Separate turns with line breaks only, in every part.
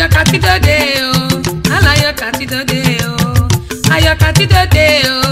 ayọ̀ká ti dòde o alàyọ̀ká ti dòde o ayọ̀ká ti dòde o.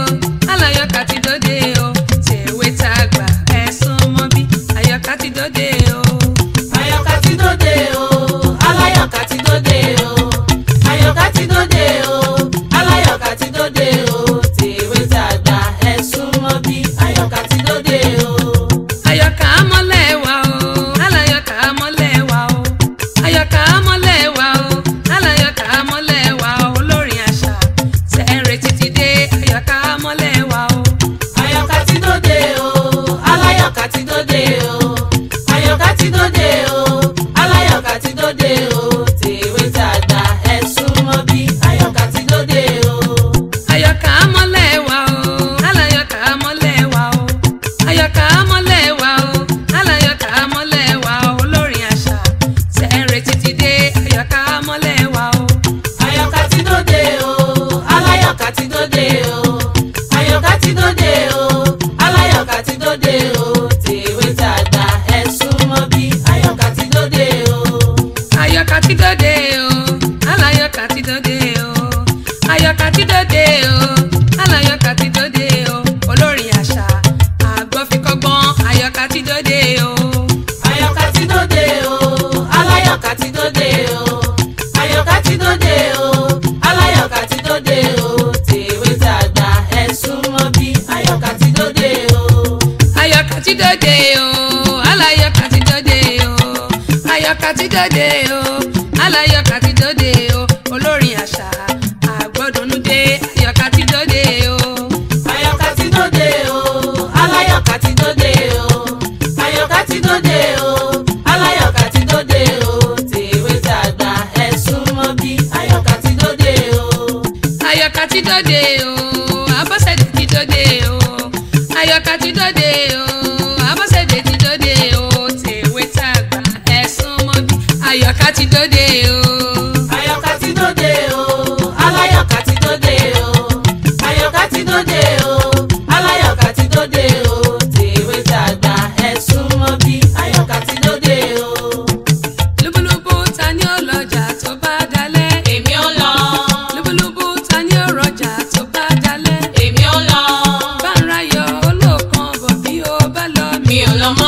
todo Deus. o alayọ̀ kàti dòde o ayọ̀ kàti dòde o alayọ̀ kàti dòde o olórin àṣà àgbọ̀dọ̀nudé ayọ̀ kàti dòde o. ayọ̀ kàti dòde o alayọ̀ kàti dòde o ayọ̀ kàti dòde o alayọ̀ kàti dòde o tèwé tàgbà ẹ súnmọ́ bí ayọ̀ kàti dòde o. ayọ̀ kàti dòde o abọ́sẹ̀dì ti dòde o ayọ̀ kàti dòde o. aláyọ̀ká ti dóde o. ayọ̀ká ti dóde o aláyọ̀ká ti dóde o ayọ̀ká ti dóde o aláyọ̀ká ti dóde o tèwé tàgbà ẹ súnmọ́ bí ayọ̀ká ti dóde o. lúbúlúbú ta ni ó lọ́jà tó bá dalẹ̀. mi ò